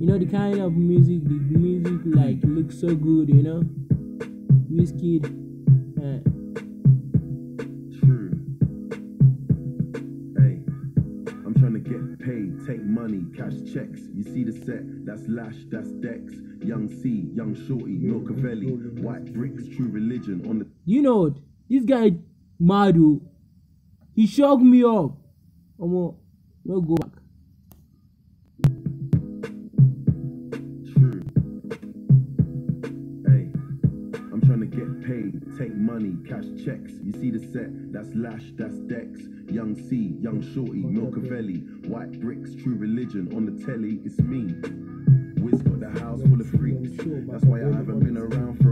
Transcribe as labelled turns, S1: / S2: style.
S1: you know the kind of music the
S2: music like looks so good you know whiskey uh,
S3: true hey i'm trying to get paid take money cash checks you see the set that's lash that's dex young c young shorty Milkavelli, white bricks true religion on the you know
S4: this guy madu he shocked me up omo
S3: no go back get paid, take money, cash checks. You see the set, that's Lash, that's Dex. Young C, Young Shorty, Milcavelli. White bricks, true religion. On the telly, it's me. Wiz got the house full of freaks. That's why I haven't been around for